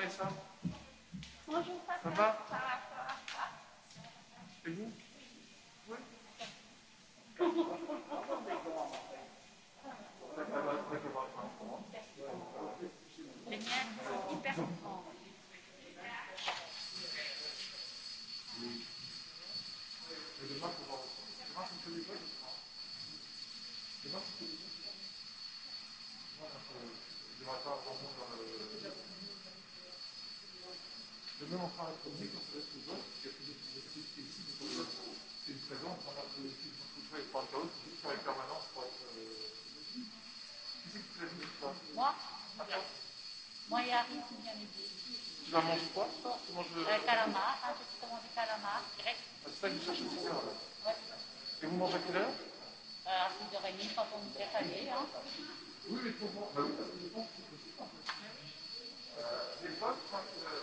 Vanessa? Ça va C'est bon Oui Génial, hyper grand. Voilà, je ne vais pas avoir mon devons faire tourner comme ça sous d'autres, parce y a plus de possibilités ici, donc c'est une présence dans la politique de Fouchoua et par d'autres, qui faire une permanence pour être. Qui c'est qui te l'a mis Moi Moi et Harry qui vient m'aider. Tu la manges quoi Tu manges le. calamar, hein, je suis commandé calamar, grec. c'est ça que vous cherchez tout à l'heure Et vous mangez à quelle heure À 6h30 quand on nous fait aller. Oui, mais pour moi, c'est possible en fait. les potes, quand. Euh,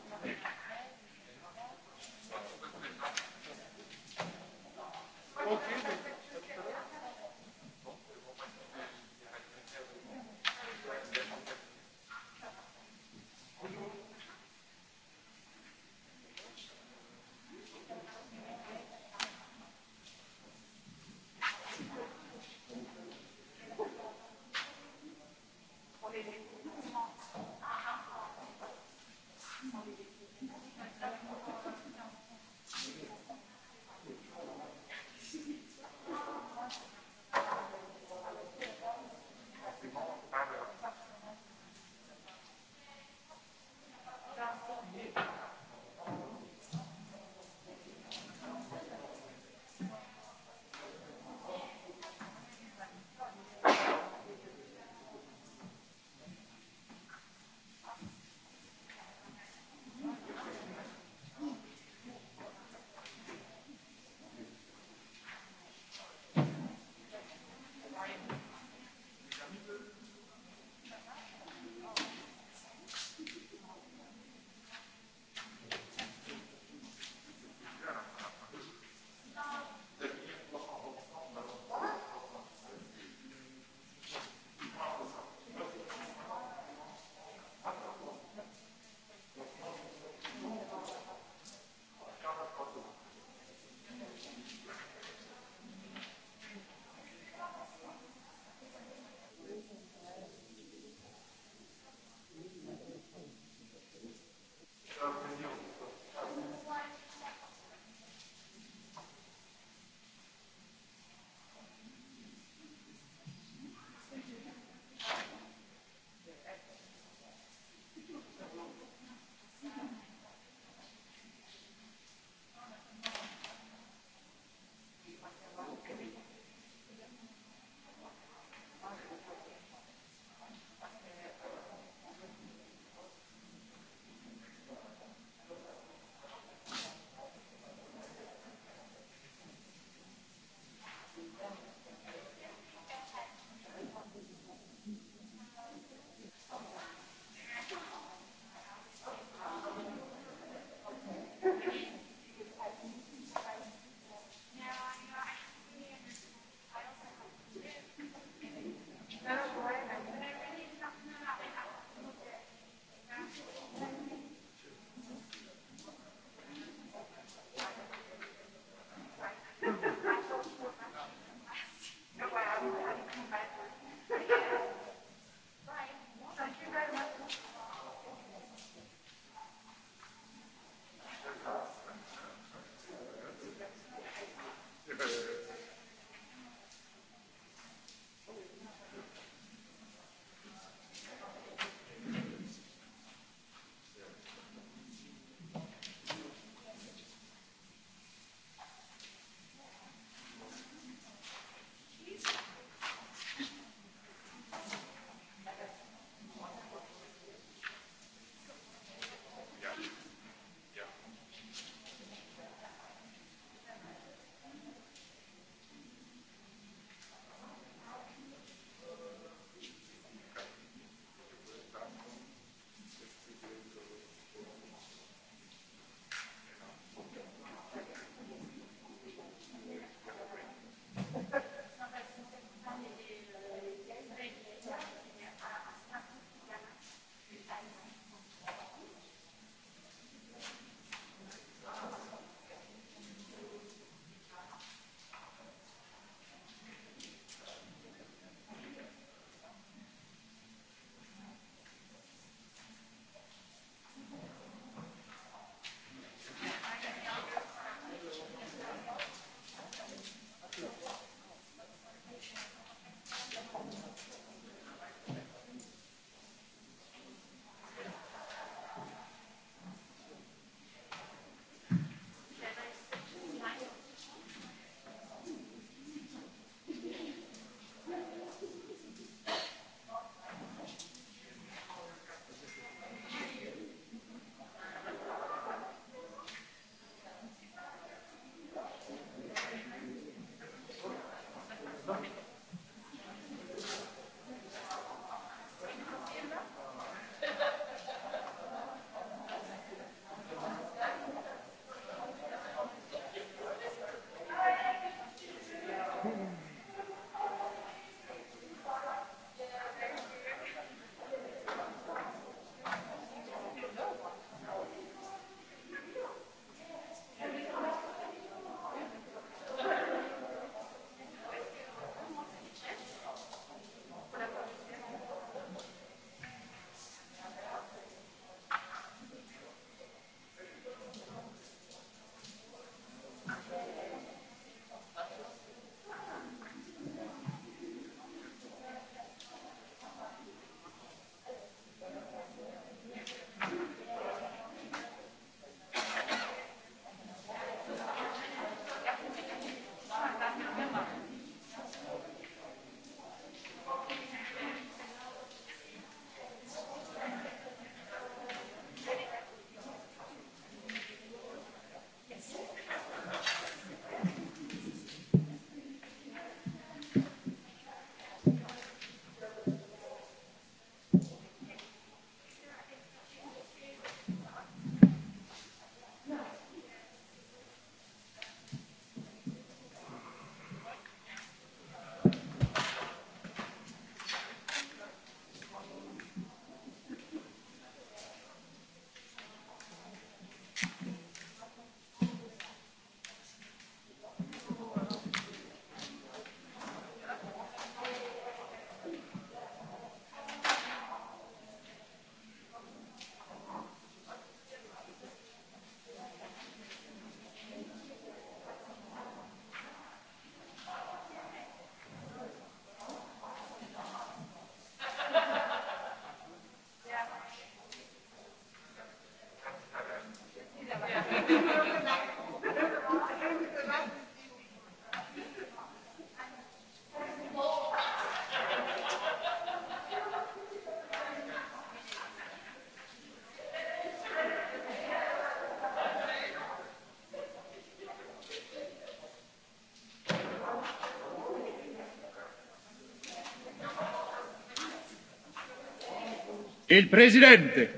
Председателят.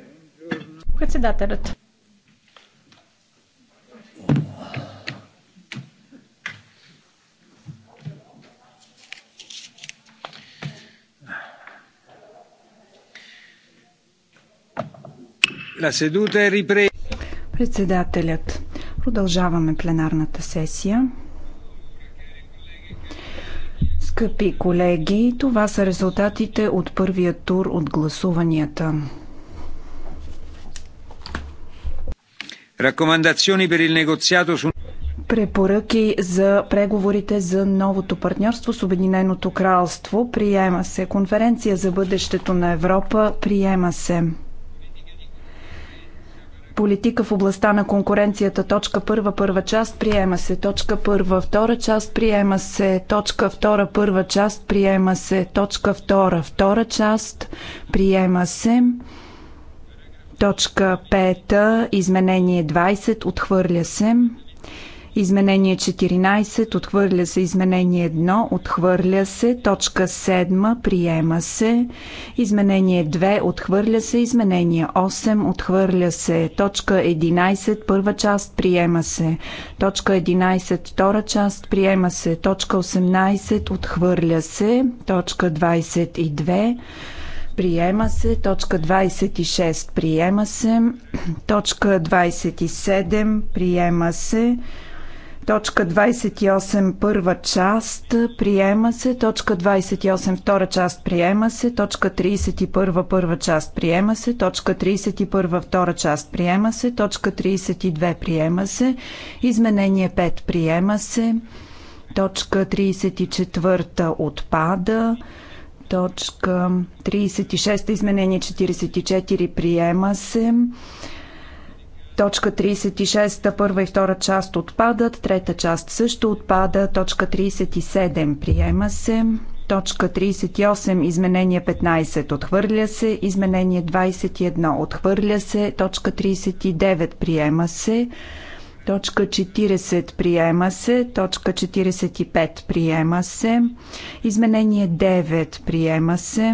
Председателят. Продължаваме пленарната сесия. Скъпи колеги, това са резултатите от първия тур от гласуванията. препоръки за преговорите за новото партньорство с Обединеното кралство. Приема се. Конференция за бъдещето на Европа. Приема се политика в областта на конкуренцията. Точка първа, първа част приема се. Точка първа, втора част приема се. Точка втора, първа част приема се. Точка втора, втора част приема се. Точка пета, изменение 20, отхвърля се. Изменение 14, отхвърля се. Изменение 1, отхвърля се. Точка 7, приема се. Изменение 2, отхвърля се. Изменение 8, отхвърля се. Точка 11, първа част, приема се. Точка 11, втора част, приема се. Точка 18, отхвърля се. Точка 22, Приема се. Точка 26. Приема се. Точка 27. Приема се. Точка 28 първа част приема се. Точка 28 втора част приема се. Точка 31 първа част приема се. Точка 31 втора част приема се. Точка 32 приема се. Изменение 5 приема се. Точка 34 отпада. Точка 36 изменение 44 приема се. Точка 36, първа и втора част отпадат, трета част също отпада, точка 37 приема се, точка 38, изменение 15 отхвърля се, изменение 21 отхвърля се, точка 39 приема се, Точка 40 приема се. Точка 45 приема се. Изменение 9 приема се.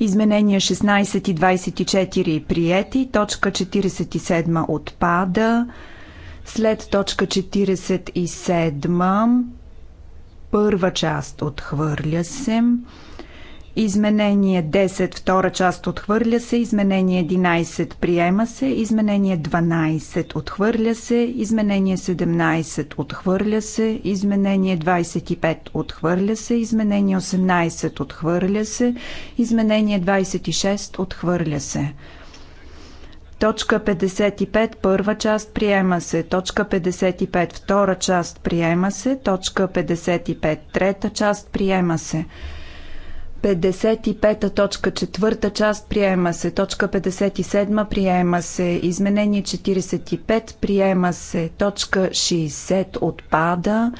Изменения 16 и 24 приети. Точка 47 отпада. След точка 47 първа част отхвърля се. Изменение 10, втора част отхвърля се. Изменение 11 приема се. Изменение 12 отхвърля се. Изменение 17 отхвърля се. Изменение 25 отхвърля се. Изменение 18 отхвърля се. Изменение 26 отхвърля се. Точка 55, първа част приема се. Точка 55, втора част приема се. Точка 55, трета част приема се. 55 точка четвърта част приема се. Точка 57 приема се. Изменение 45 приема се. Точка 60 отпада.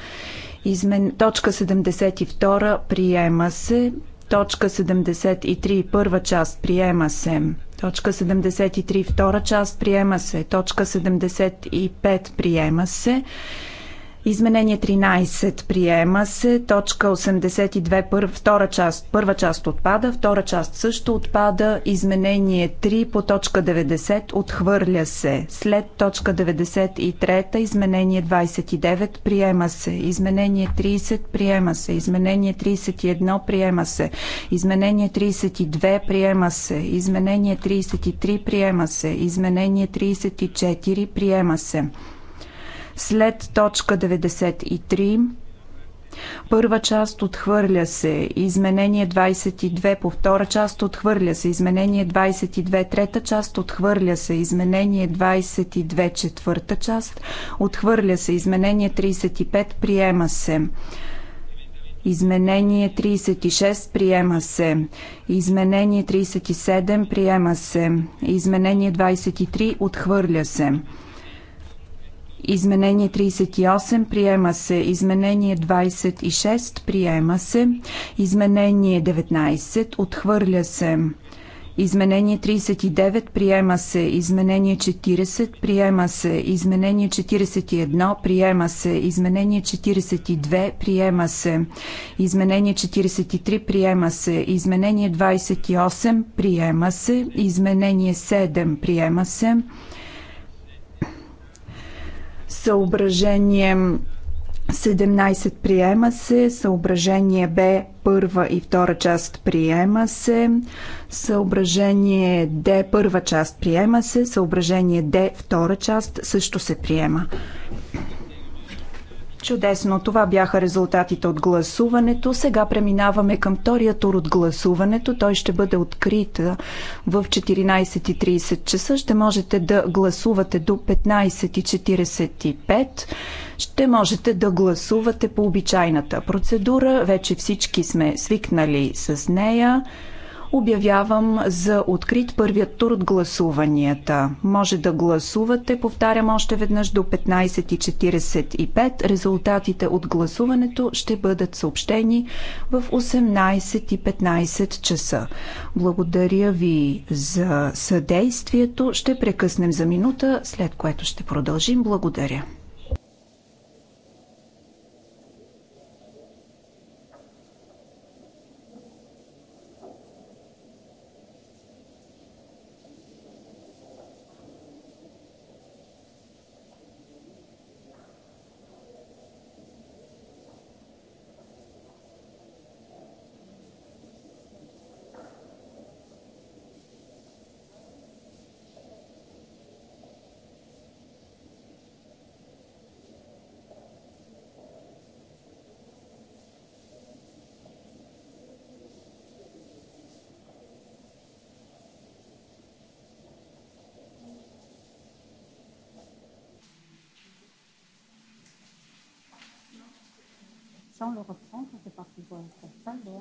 Измен... Точка 72 приема се. Точка 73 първа част приема се. Точка 73 втора част приема се. Точка 75 приема се. Изменение 13 приема се. Точка 82, пър, втора част, първа част отпада, втора част също отпада. Изменение 3 по точка 90 отхвърля се. След точка 93 изменение 29 приема се. Изменение 30 приема се. Изменение 31 приема се. Изменение 32 приема се. Изменение 33 приема се. Изменение 34 приема се. След точка 93 първа част отхвърля се, изменение 22 по втора част отхвърля се, изменение 22 трета част отхвърля се, изменение 22 четвърта част отхвърля се, изменение 35 приема се. Изменение 36 приема се. Изменение 37 приема се. Изменение 23 отхвърля се. Изменение 38 приема се. Изменение 26 приема се. Изменение 19 отхвърля се. Изменение 39 приема се. Изменение 40 приема се. Изменение 41 приема се. Изменение 42 приема се. Изменение 43 приема се. Изменение 28 приема се. Изменение 7 приема се. Съображение 17 приема се, съображение Б първа и втора част приема се, съображение Д първа част приема се, съображение Д втора част също се приема. Чудесно, това бяха резултатите от гласуването. Сега преминаваме към втория тур от гласуването. Той ще бъде открит в 14.30 часа. Ще можете да гласувате до 15.45. Ще можете да гласувате по обичайната процедура. Вече всички сме свикнали с нея. Обявявам за открит първият тур от гласуванията. Може да гласувате, повтарям още веднъж, до 15.45. Резултатите от гласуването ще бъдат съобщени в 18.15 часа. Благодаря ви за съдействието. Ще прекъснем за минута, след което ще продължим. Благодаря. le leur centre fait partie de la salle de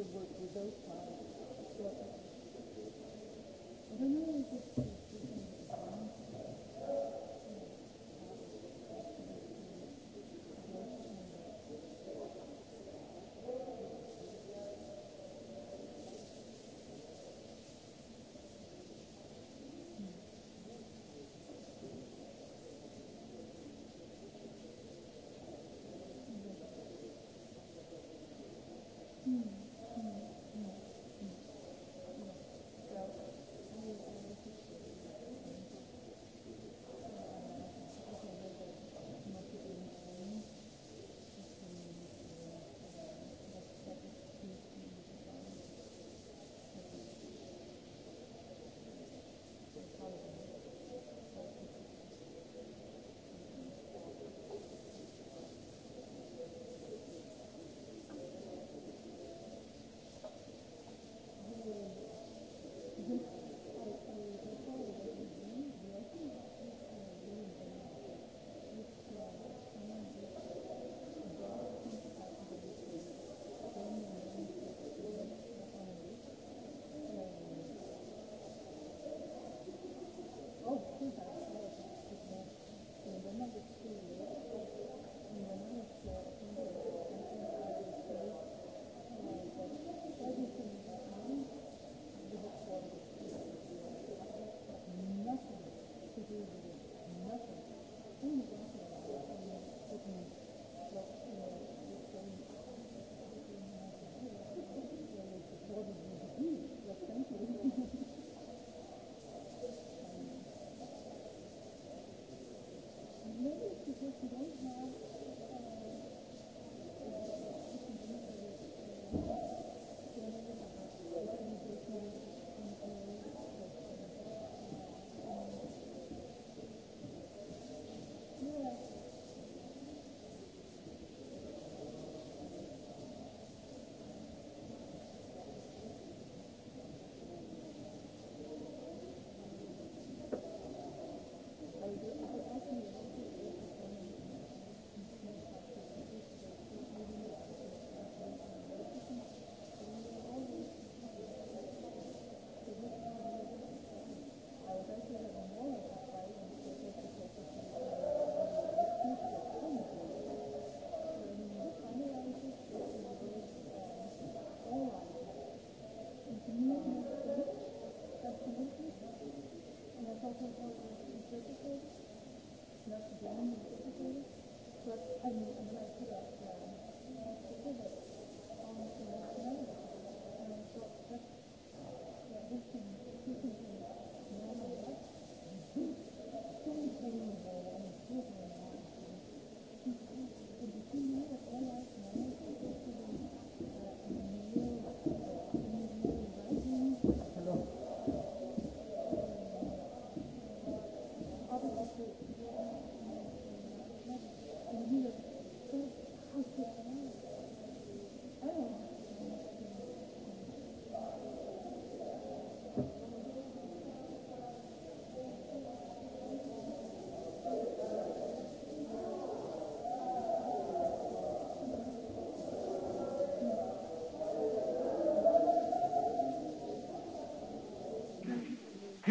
good work with those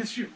his shoe.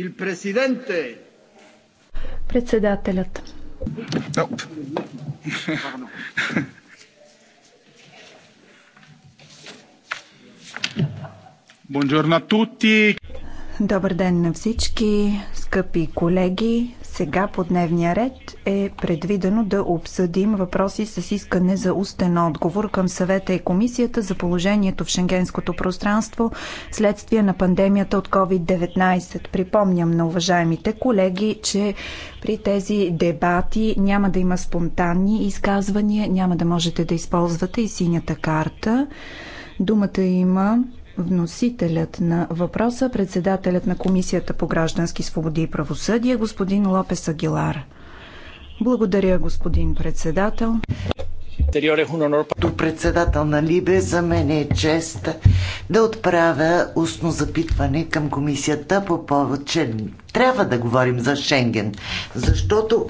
Il presidente. Председателят. Добър ден на всички, скъпи колеги. Сега по дневния ред е предвидено да обсъдим въпроси с искане за устен отговор към съвета и комисията за положението в шенгенското пространство следствие на пандемията от COVID-19. Припомням на уважаемите колеги, че при тези дебати няма да има спонтанни изказвания, няма да можете да използвате и синята карта. Думата има Вносителят на въпроса, председателят на Комисията по граждански свободи и правосъдие, господин Лопес Агилар. Благодаря, господин председател. Като председател на Либе, за мен е чест да отправя устно запитване към комисията по повод, че трябва да говорим за Шенген, защото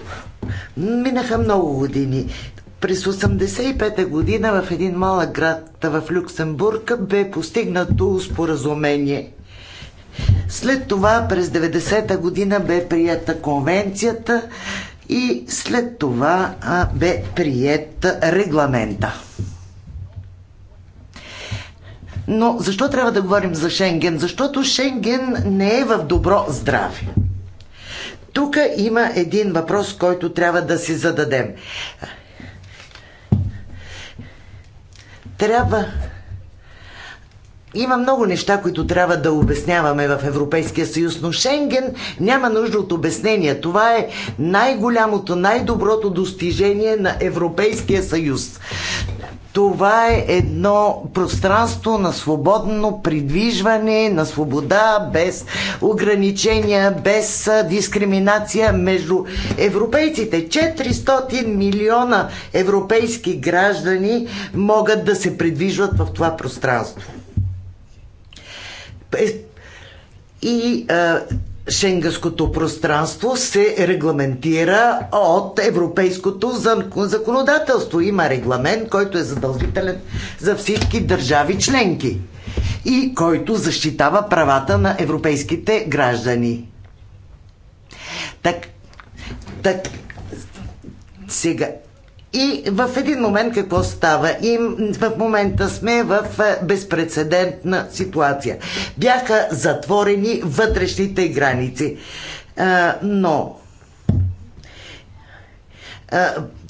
минаха много години. През 1985 година в един малък град в Люксембург бе постигнато споразумение. След това през 90-та година бе прията конвенцията и след това а, бе прият регламента. Но защо трябва да говорим за Шенген? Защото Шенген не е в добро здраве. Тук има един въпрос, който трябва да си зададем. Трябва. Има много неща, които трябва да обясняваме в Европейския съюз, но Шенген няма нужда от обяснения. Това е най-голямото, най-доброто достижение на Европейския съюз. Това е едно пространство на свободно придвижване, на свобода, без ограничения, без дискриминация между европейците. 400 милиона европейски граждани могат да се придвижват в това пространство. Е, и а, шенгенското пространство се регламентира от европейското законодателство. Има регламент, който е задължителен за всички държави членки и който защитава правата на европейските граждани. Так, так, сега, и в един момент какво става? И в момента сме в е, безпредседентна ситуация. Бяха затворени вътрешните граници. Е, но е,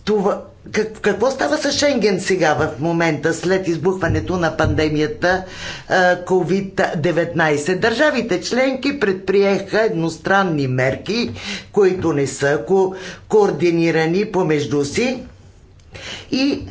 това, как, какво става с Шенген сега в момента след избухването на пандемията COVID-19? Държавите членки предприеха едностранни мерки, които не са ко- координирани помежду си. И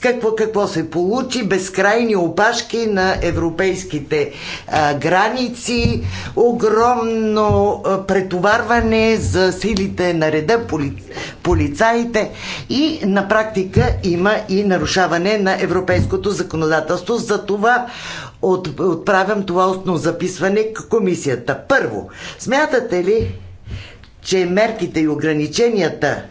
какво, какво се получи? Безкрайни опашки на европейските а, граници, огромно а, претоварване за силите на реда, поли, полицаите и на практика има и нарушаване на европейското законодателство. За това от, отправям това основно записване к комисията. Първо, смятате ли, че мерките и ограниченията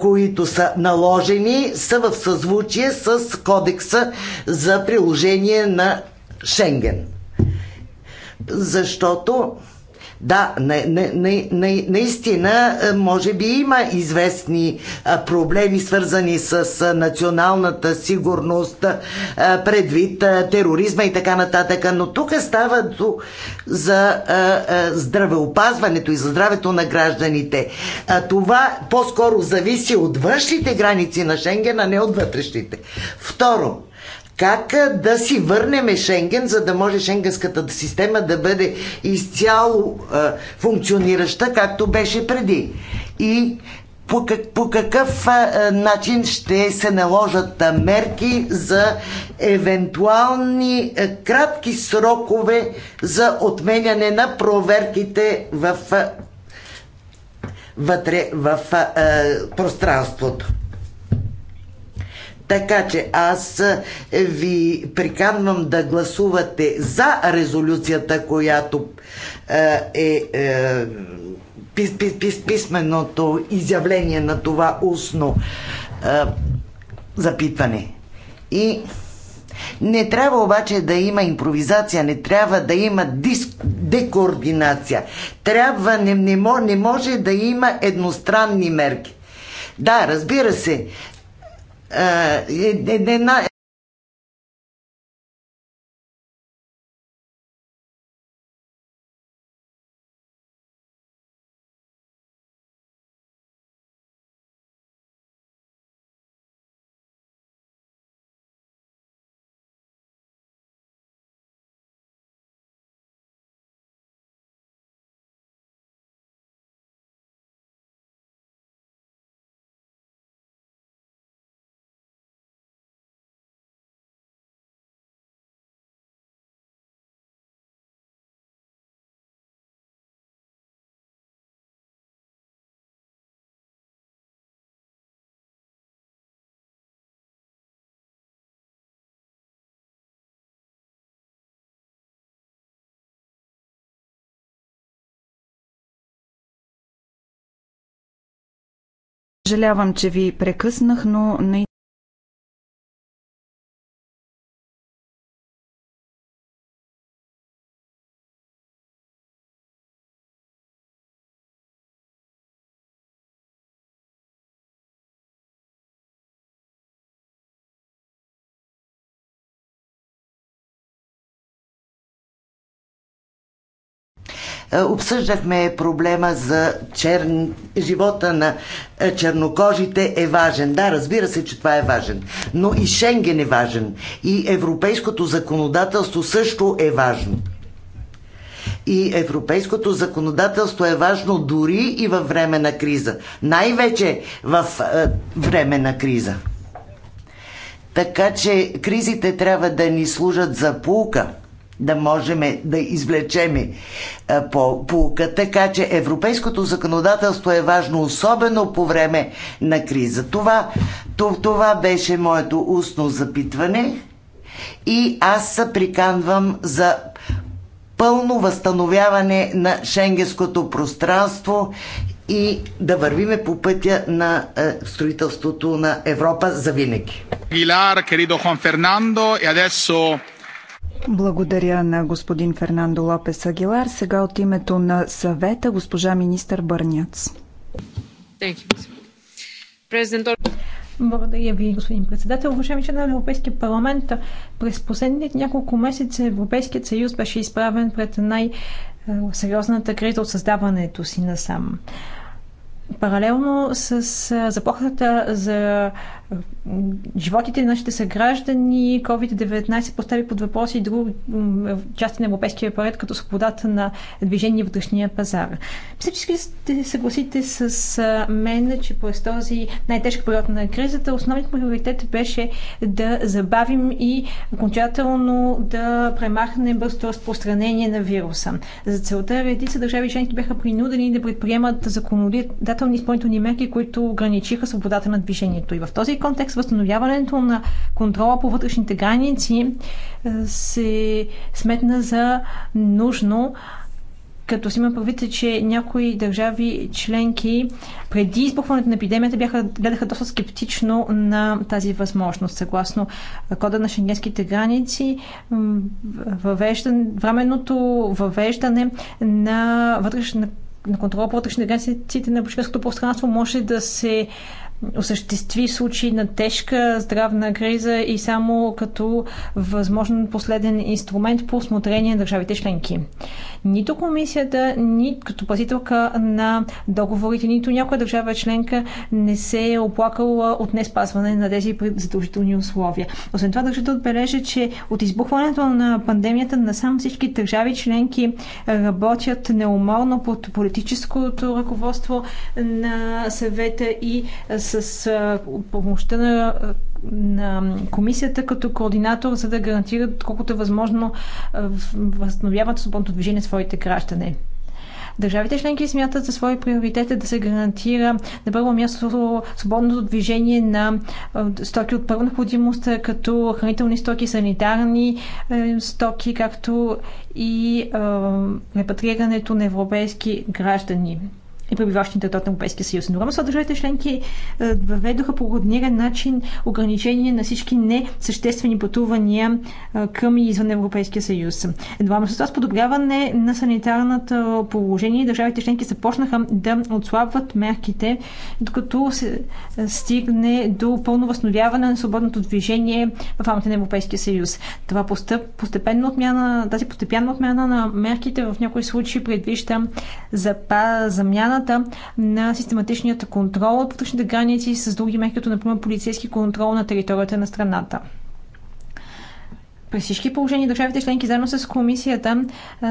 които са наложени, са в съзвучие с кодекса за приложение на Шенген. Защото да, не, не, не, не, наистина, е, може би има известни е, проблеми, свързани с е, националната сигурност, предвид тероризма и така нататък, но тук става за здравеопазването и за здравето на гражданите. Това по-скоро зависи от външните граници на Шенген, а не от вътрешните. Второ, как да си върнеме Шенген, за да може Шенгенската система да бъде изцяло а, функционираща, както беше преди. И по, как, по какъв а, начин ще се наложат а, мерки за евентуални а, кратки срокове за отменяне на проверките в, а, вътре в а, пространството. Така че аз е, ви приканвам да гласувате за резолюцията, която е, е, е пис, пис, пис, писменото изявление на това устно е, запитване. И не трябва обаче да има импровизация, не трябва да има диск, декоординация. Трябва, не, не, не може да има едностранни мерки. Да, разбира се, е, е, една, Съжалявам, че ви прекъснах, но наистина Е, обсъждахме проблема за черн... живота на е, чернокожите е важен. Да, разбира се, че това е важен. Но и Шенген е важен. И европейското законодателство също е важно. И европейското законодателство е важно дори и във време на криза. Най-вече в е, време на криза. Така че кризите трябва да ни служат за пулка да можем да извлечем е, по полука. Така че европейското законодателство е важно, особено по време на криза. Това, това беше моето устно запитване и аз се приканвам за пълно възстановяване на шенгенското пространство и да вървиме по пътя на е, строителството на Европа за винаги. Гилар, querido Juan Фернандо, и adesso благодаря на господин Фернандо Лопес Агилар. Сега от името на съвета госпожа министър Бърняц. Благодаря ви, господин председател. Уважаеми членове на Европейския парламент, през последните няколко месеца Европейският съюз беше изправен пред най-сериозната криза от създаването си насам. Паралелно с заплахата за животите на нашите съграждани. COVID-19 постави под въпроси и други части на европейския проект, като свободата на движение в вътрешния пазар. Мисля, че ще съгласите с мен, че през този най-тежък период на кризата основният приоритет беше да забавим и окончателно да премахнем бързото разпространение на вируса. За целта редица държави и членки бяха принудени да предприемат законодателни изпълнителни мерки, които ограничиха свободата на движението. И в този контекст възстановяването на контрола по вътрешните граници е, се сметна за нужно като си има правите, че някои държави членки преди избухването на епидемията бяха, гледаха доста скептично на тази възможност. Съгласно кода на шенгенските граници, въвеждан, временното въвеждане на вътрешна на контрола по вътрешните границите на Бушкарското пространство може да се осъществи случаи на тежка здравна криза и само като възможен последен инструмент по осмотрение на държавите членки. Нито комисията, нито като пазителка на договорите, нито някоя държава членка не се е оплакала от не спазване на тези задължителни условия. Освен това, държа да отбележа, че от избухването на пандемията на само всички държави членки работят неуморно под политическото ръководство на съвета и с помощта на, на комисията като координатор, за да гарантират колкото е възможно възстановяват свободното движение своите граждани. Държавите членки смятат за свои приоритети е да се гарантира на първо място свободното движение на стоки от първа необходимост, като хранителни стоки, санитарни стоки, както и репатрирането на европейски граждани и пребиваващите на Европейския съюз. Но Рома държавите членки е, въведоха по координиран начин ограничение на всички несъществени пътувания е, към и извън Европейския съюз. Едва с това с подобряване на санитарната положение държавите членки започнаха да отслабват мерките, докато се е, стигне до пълно възстановяване на свободното движение в рамките на Европейския съюз. Това постъп, постепенно отмяна, тази постепенна отмяна на мерките в някои случаи предвижда за замяна промяната на систематичният контрол от вътрешните граници с други мерки, като например полицейски контрол на територията на страната при всички положения държавите членки заедно с комисията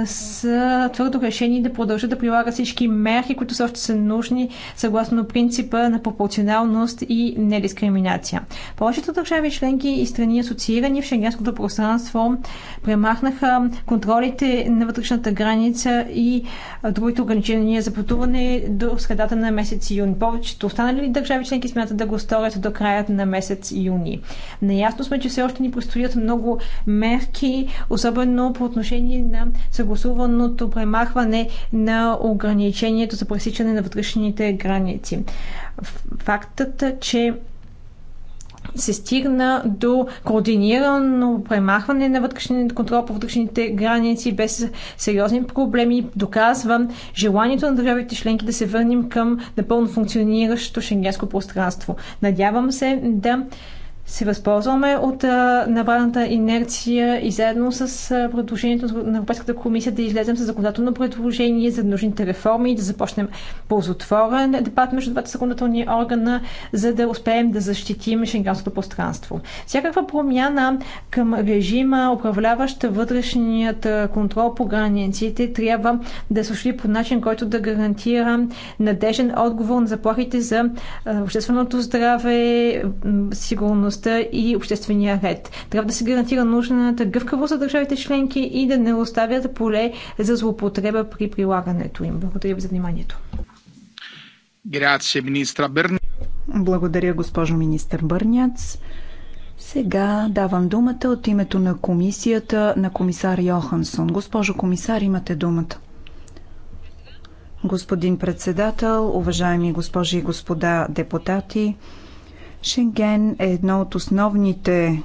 са твърдо решени да продължат да прилагат всички мерки, които са още са нужни съгласно принципа на пропорционалност и недискриминация. Повечето държави членки и страни асоциирани в шенгенското пространство премахнаха контролите на вътрешната граница и другите ограничения за пътуване до средата на месец юни. Повечето останали държави членки смятат да го сторят до края на месец юни. Наясно сме, че все още ни предстоят много мерки, особено по отношение на съгласуваното премахване на ограничението за пресичане на вътрешните граници. Фактът, че се стигна до координирано премахване на вътрешния контрол по вътрешните граници без сериозни проблеми, доказва желанието на държавите членки да се върнем към напълно функциониращо шенгенско пространство. Надявам се да се възползваме от набраната инерция и заедно с предложението на Европейската комисия да излезем с законодателно предложение за нужните реформи и да започнем ползотворен дебат между двата законодателни органа, за да успеем да защитим шенгенското пространство. Всякаква промяна към режима, управляваща вътрешният контрол по границите, трябва да се ушли по начин, който да гарантира надежен отговор на заплахите за общественото здраве, сигурност сигурността и обществения ред. Трябва да се гарантира нужната гъвкавост за държавите членки и да не оставят поле за злоупотреба при прилагането им. Благодаря ви за вниманието. Благодаря, госпожо министър Бърняц. Сега давам думата от името на комисията на комисар Йохансон. Госпожо комисар, имате думата. Господин председател, уважаеми госпожи и господа депутати, Шенген е едно от основните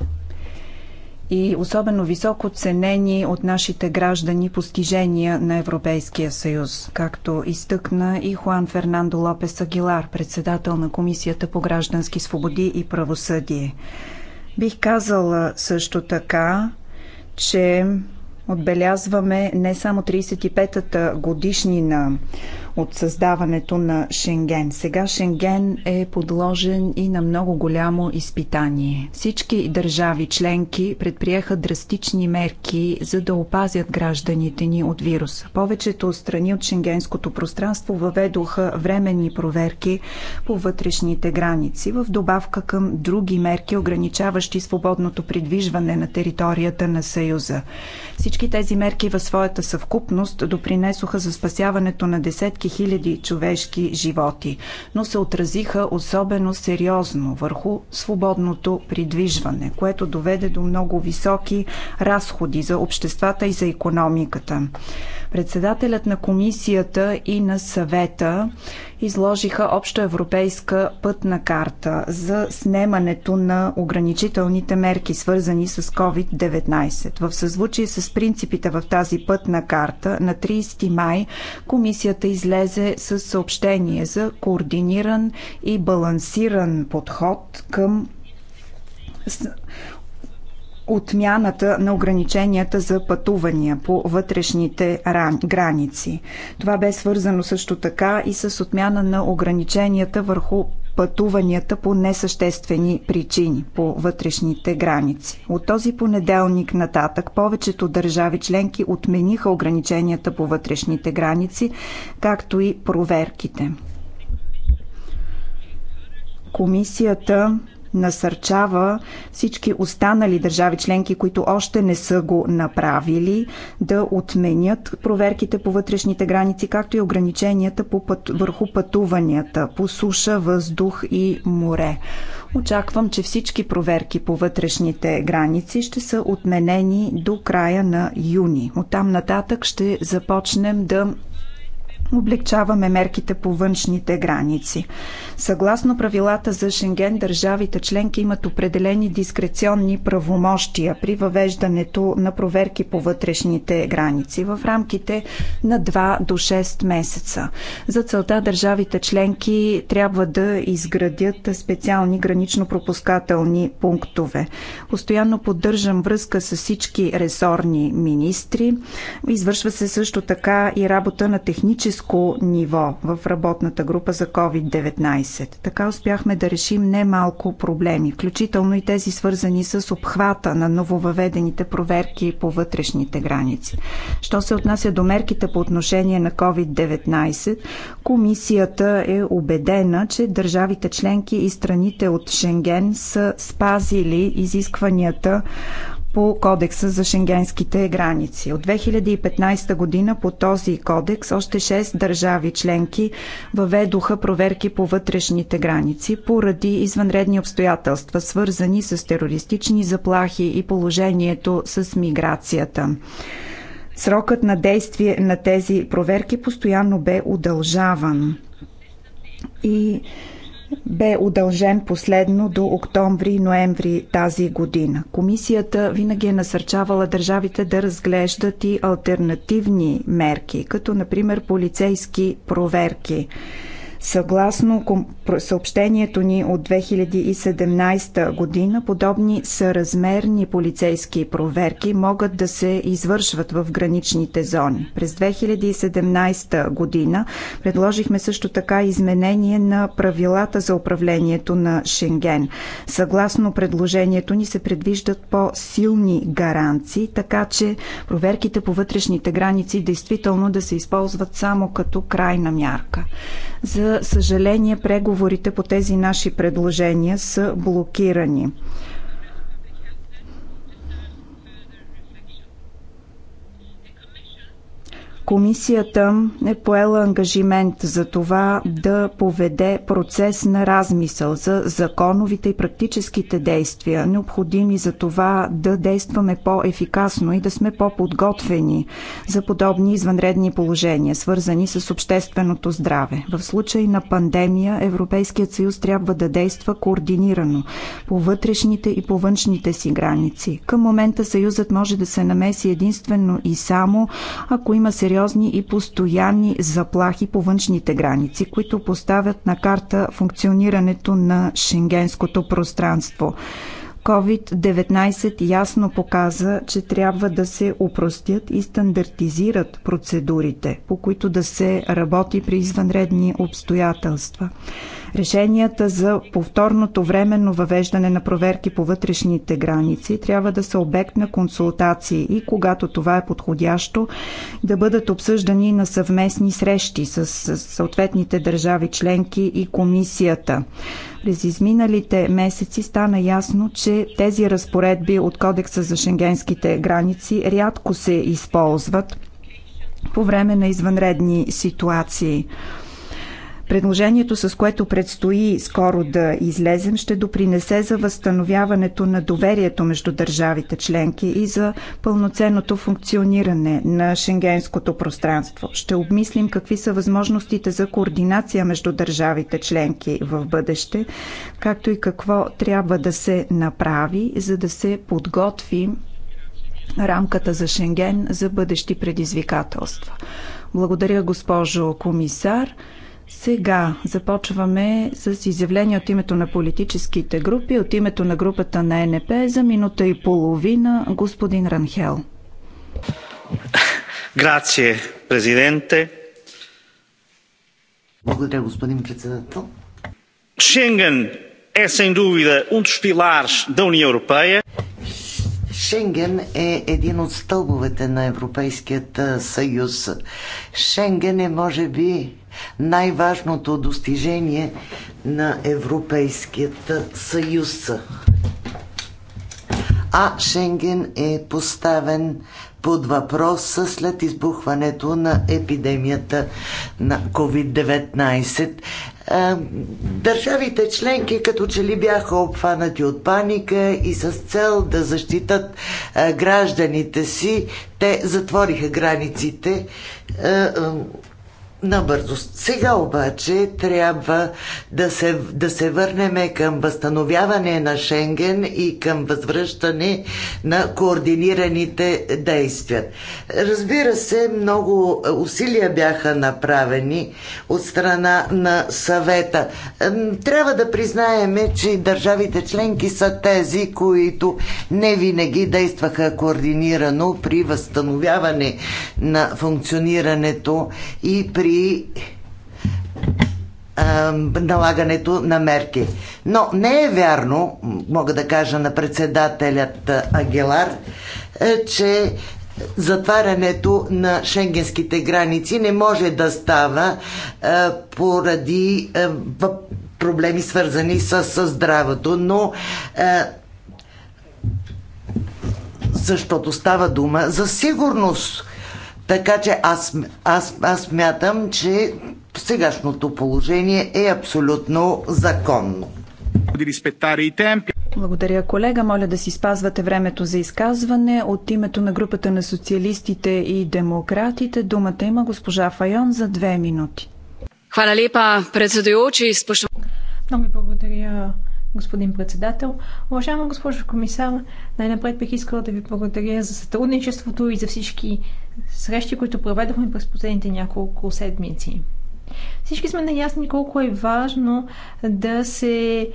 и особено високо ценени от нашите граждани постижения на Европейския съюз, както изтъкна и Хуан Фернандо Лопес Агилар, председател на Комисията по граждански свободи и правосъдие. Бих казала също така, че отбелязваме не само 35-та годишнина от създаването на Шенген. Сега Шенген е подложен и на много голямо изпитание. Всички държави членки предприеха драстични мерки, за да опазят гражданите ни от вируса. Повечето страни от шенгенското пространство въведоха временни проверки по вътрешните граници, в добавка към други мерки, ограничаващи свободното придвижване на територията на Съюза. Всички тези мерки във своята съвкупност допринесоха за спасяването на десетки десетки хиляди човешки животи, но се отразиха особено сериозно върху свободното придвижване, което доведе до много високи разходи за обществата и за економиката. Председателят на комисията и на съвета изложиха обща европейска пътна карта за снемането на ограничителните мерки, свързани с COVID-19. В съзвучие с принципите в тази пътна карта, на 30 май комисията излезе с съобщение за координиран и балансиран подход към отмяната на ограниченията за пътувания по вътрешните граници. Това бе свързано също така и с отмяна на ограниченията върху пътуванията по несъществени причини по вътрешните граници. От този понеделник нататък повечето държави членки отмениха ограниченията по вътрешните граници, както и проверките. Комисията насърчава всички останали държави членки, които още не са го направили, да отменят проверките по вътрешните граници, както и ограниченията по път, върху пътуванията по суша, въздух и море. Очаквам, че всички проверки по вътрешните граници ще са отменени до края на юни. Оттам нататък ще започнем да облегчаваме мерките по външните граници. Съгласно правилата за Шенген, държавите членки имат определени дискреционни правомощия при въвеждането на проверки по вътрешните граници в рамките на 2 до 6 месеца. За целта държавите членки трябва да изградят специални гранично-пропускателни пунктове. Постоянно поддържам връзка с всички ресорни министри. Извършва се също така и работа на техническо политическо ниво в работната група за COVID-19. Така успяхме да решим немалко проблеми, включително и тези свързани с обхвата на нововъведените проверки по вътрешните граници. Що се отнася до мерките по отношение на COVID-19, комисията е убедена, че държавите членки и страните от Шенген са спазили изискванията по кодекса за шенгенските граници. От 2015 година по този кодекс още 6 държави членки въведоха проверки по вътрешните граници поради извънредни обстоятелства, свързани с терористични заплахи и положението с миграцията. Срокът на действие на тези проверки постоянно бе удължаван. И бе удължен последно до октомври-ноември тази година. Комисията винаги е насърчавала държавите да разглеждат и альтернативни мерки, като например полицейски проверки. Съгласно съобщението ни от 2017 година, подобни съразмерни полицейски проверки могат да се извършват в граничните зони. През 2017 година предложихме също така изменение на правилата за управлението на Шенген. Съгласно предложението ни се предвиждат по-силни гаранции, така че проверките по вътрешните граници действително да се използват само като крайна мярка. За за съжаление, преговорите по тези наши предложения са блокирани. Комисията е поела ангажимент за това да поведе процес на размисъл за законовите и практическите действия, необходими за това да действаме по-ефикасно и да сме по-подготвени за подобни извънредни положения, свързани с общественото здраве. В случай на пандемия Европейският съюз трябва да действа координирано по вътрешните и по външните си граници. Към момента съюзът може да се намеси единствено и само, ако има сериозни сериозни и постоянни заплахи по външните граници, които поставят на карта функционирането на шенгенското пространство. COVID-19 ясно показа, че трябва да се упростят и стандартизират процедурите, по които да се работи при извънредни обстоятелства. Решенията за повторното временно въвеждане на проверки по вътрешните граници трябва да са обект на консултации и когато това е подходящо, да бъдат обсъждани на съвместни срещи с съответните държави членки и комисията. През изминалите месеци стана ясно, че тези разпоредби от Кодекса за шенгенските граници рядко се използват по време на извънредни ситуации. Предложението, с което предстои скоро да излезем, ще допринесе за възстановяването на доверието между държавите членки и за пълноценното функциониране на шенгенското пространство. Ще обмислим какви са възможностите за координация между държавите членки в бъдеще, както и какво трябва да се направи, за да се подготви рамката за Шенген за бъдещи предизвикателства. Благодаря, госпожо комисар. Сега започваме с изявление от името на политическите групи, от името на групата на НП за минута и половина господин Ранхел. Грация, президенте. Благодаря, господин председател. Шенген е, sem dúvida, um dos pilares da União Europeia. Шенген е един от стълбовете на Европейският съюз. Шенген е, може би, най-важното достижение на Европейският съюз. А Шенген е поставен под въпрос след избухването на епидемията на COVID-19. Държавите членки като че ли бяха обхванати от паника и с цел да защитат гражданите си, те затвориха границите набързо. Сега обаче трябва да се, да се върнем към възстановяване на Шенген и към възвръщане на координираните действия. Разбира се, много усилия бяха направени от страна на съвета. Трябва да признаеме, че държавите членки са тези, които не винаги действаха координирано при възстановяване на функционирането и при при налагането на мерки. Но не е вярно, мога да кажа на председателят Агелар, е, че затварянето на шенгенските граници не може да става е, поради е, проблеми свързани с, с здравето, но защото става дума за сигурност така че аз, аз, аз мятам, че сегашното положение е абсолютно законно. Благодаря, колега. Моля да си спазвате времето за изказване. От името на групата на социалистите и демократите думата има госпожа Файон за две минути. Хвала лепа, председуючи. Много благодаря, господин председател. Уважаема госпожо комисар, най-напред бих искала да ви благодаря за сътрудничеството и за всички срещи, които проведохме през последните няколко седмици. Всички сме наясни колко е важно да се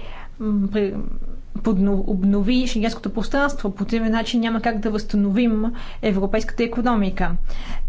обнови шенгенското пространство. По този начин няма как да възстановим европейската економика.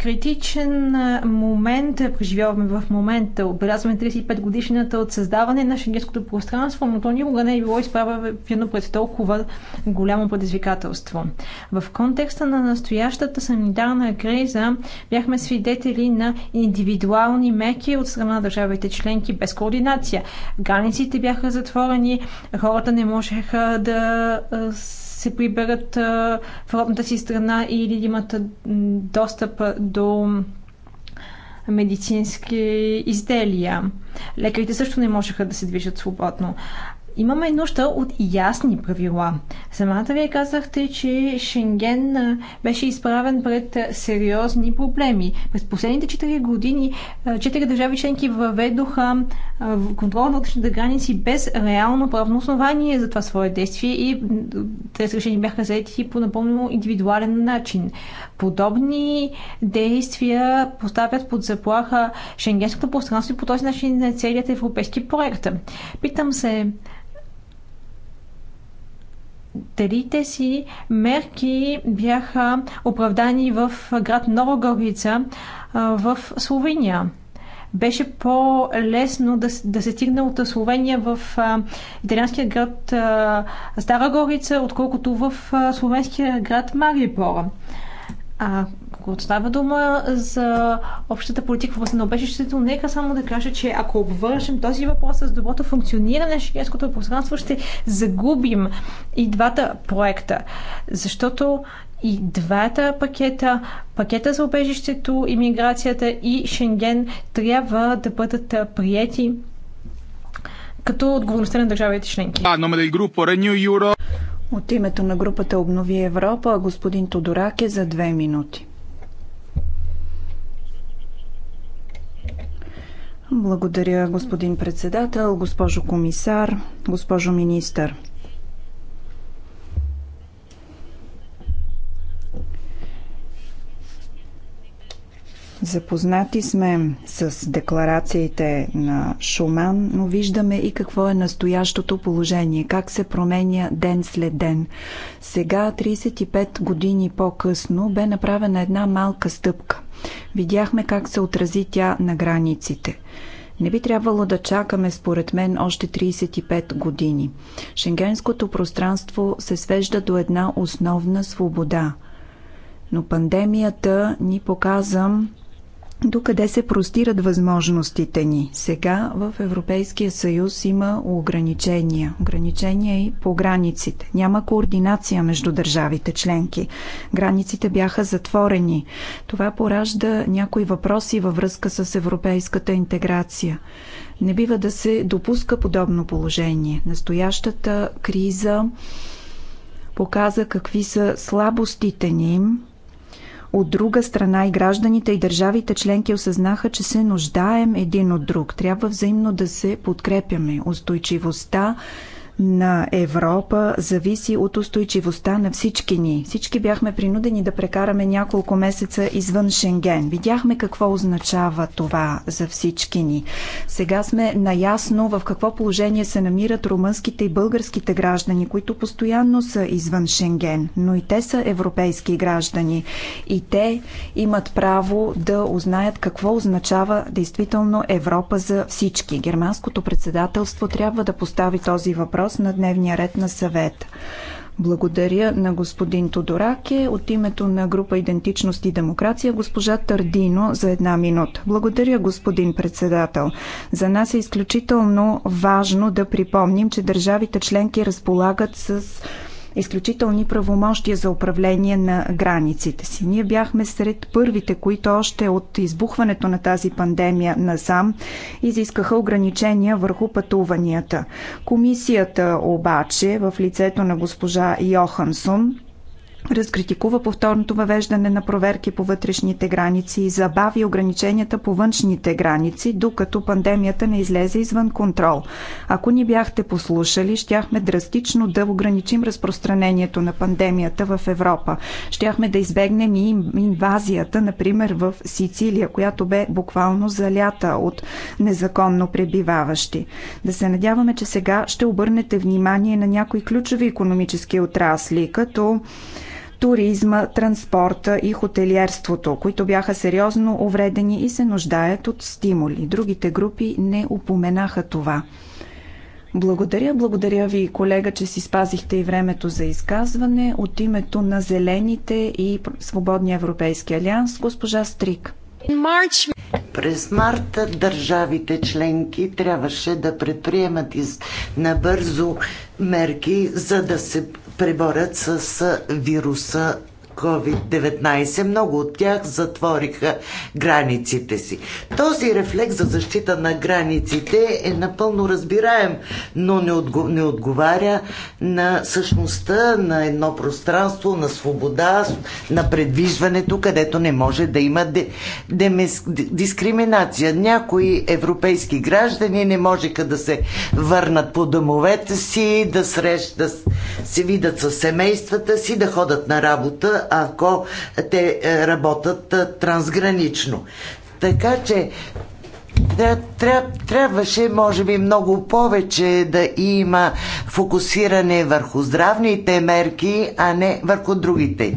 Критичен момент преживяваме в момента. Обелязваме 35 годишната от създаване на шенгенското пространство, но то никога не е било изправено пред толкова голямо предизвикателство. В контекста на настоящата санитарна криза бяхме свидетели на индивидуални меки от страна на държавите членки без координация. Границите бяха затворени, хората не можеха а, да се приберат в родната си страна или да имат достъп до медицински изделия. Лекарите също не можеха да се движат свободно. Имаме нужда от ясни правила. Самата вие казахте, че Шенген беше изправен пред сериозни проблеми. През последните 4 години 4 държави членки въведоха контрол на вътрешните граници без реално правно основание за това свое действие и тези решения бяха заети по напълно индивидуален начин. Подобни действия поставят под заплаха шенгенското пространство и по този начин на целият европейски проект. Питам се, Телите си мерки бяха оправдани в град Новогорица в Словения. Беше по-лесно да, да се стигне от Словения в а, италианския град а, Стара Горица, отколкото в а, словенския град Марибора. А, когато става дума за общата политика в областта на обежището, нека само да кажа, че ако обвържем този въпрос с доброто функциониране на шенгенското пространство, ще загубим и двата проекта. Защото и двата пакета, пакета за обежището, иммиграцията и Шенген трябва да бъдат приети като отговорността на държавите членки. А, номер и група Renew Europe. От името на групата Обнови Европа, господин Тодорак е за две минути. Благодаря, господин председател, госпожо комисар, госпожо министър. Запознати сме с декларациите на Шуман, но виждаме и какво е настоящото положение, как се променя ден след ден. Сега, 35 години по-късно, бе направена една малка стъпка. Видяхме как се отрази тя на границите. Не би трябвало да чакаме, според мен, още 35 години. Шенгенското пространство се свежда до една основна свобода. Но пандемията ни показа докъде се простират възможностите ни. Сега в Европейския съюз има ограничения. Ограничения и по границите. Няма координация между държавите членки. Границите бяха затворени. Това поражда някои въпроси във връзка с европейската интеграция. Не бива да се допуска подобно положение. Настоящата криза показа какви са слабостите ни от друга страна и гражданите и държавите членки осъзнаха, че се нуждаем един от друг. Трябва взаимно да се подкрепяме. Устойчивостта на Европа зависи от устойчивостта на всички ни. Всички бяхме принудени да прекараме няколко месеца извън Шенген. Видяхме какво означава това за всички ни. Сега сме наясно в какво положение се намират румънските и българските граждани, които постоянно са извън Шенген, но и те са европейски граждани. И те имат право да узнаят какво означава действително Европа за всички. Германското председателство трябва да постави този въпрос въпрос на дневния ред на съвета. Благодаря на господин Тодораке. От името на група Идентичност и демокрация госпожа Тардино за една минута. Благодаря, господин председател. За нас е изключително важно да припомним, че държавите членки разполагат с изключителни правомощия за управление на границите си. Ние бяхме сред първите, които още от избухването на тази пандемия насам изискаха ограничения върху пътуванията. Комисията обаче в лицето на госпожа Йохансон разкритикува повторното въвеждане на проверки по вътрешните граници и забави ограниченията по външните граници, докато пандемията не излезе извън контрол. Ако ни бяхте послушали, щяхме драстично да ограничим разпространението на пандемията в Европа. Щяхме да избегнем и инвазията, например в Сицилия, която бе буквално залята от незаконно пребиваващи. Да се надяваме, че сега ще обърнете внимание на някои ключови економически отрасли, като туризма, транспорта и хотелиерството, които бяха сериозно увредени и се нуждаят от стимули. Другите групи не упоменаха това. Благодаря, благодаря ви, колега, че си спазихте и времето за изказване от името на Зелените и Свободния Европейски алианс, госпожа Стрик. През марта държавите членки трябваше да предприемат из... набързо мерки, за да се преборят с вируса COVID-19. Много от тях затвориха границите си. Този рефлекс за защита на границите е напълно разбираем, но не, отго... не отговаря на същността на едно пространство, на свобода, на предвижването, където не може да има де... Демес... дискриминация. Някои европейски граждани не можеха да се върнат по домовете си, да срещат, да се видят с семействата си, да ходят на работа, ако те е, работят е, трансгранично. Така че Тряб, трябваше, може би, много повече да има фокусиране върху здравните мерки, а не върху другите.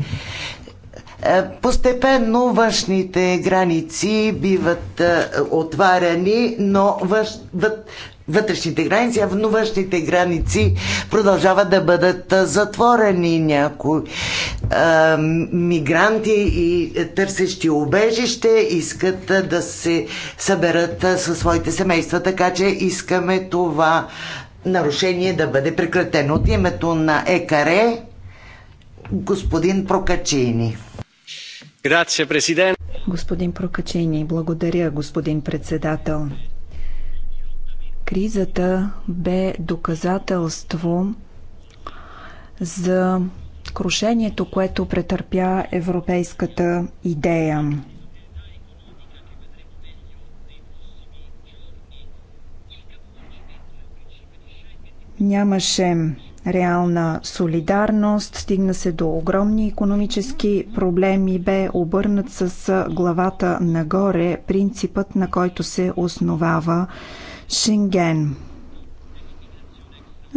Е, постепенно външните граници биват отваряни, но вътрешните граници, а но граници продължават да бъдат затворени някои а, мигранти и търсещи убежище искат да се съберат със своите семейства, така че искаме това нарушение да бъде прекратено. От името на ЕКАРЕ господин Прокачини. Грация, президент. Господин Прокачини, благодаря, господин председател. Кризата бе доказателство за крушението, което претърпя европейската идея. Нямаше реална солидарност, стигна се до огромни економически проблеми, бе обърнат с главата нагоре принципът, на който се основава Шенген.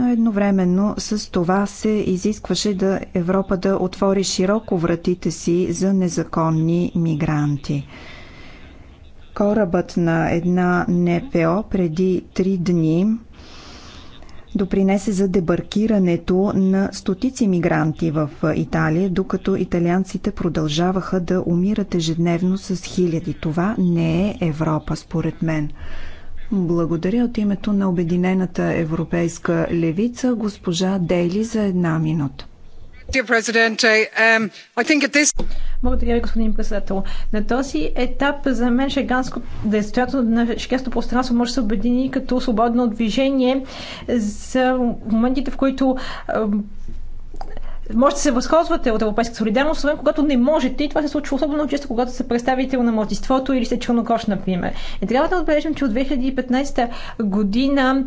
Едновременно с това се изискваше да Европа да отвори широко вратите си за незаконни мигранти. Корабът на една НПО преди три дни допринесе за дебаркирането на стотици мигранти в Италия, докато италианците продължаваха да умират ежедневно с хиляди. Това не е Европа, според мен. Благодаря от името на Обединената европейска левица госпожа Дейли за една минута. Благодаря ви, господин председател. На този етап за мен действието на шеганското пространство може да се обедини като свободно движение за моментите, в които можете да се възхозвате от европейска солидарност, освен когато не можете. И това се случва особено често, когато са представител на младсинството или сте чернокош, например. И е, трябва да отбележим, че от 2015 година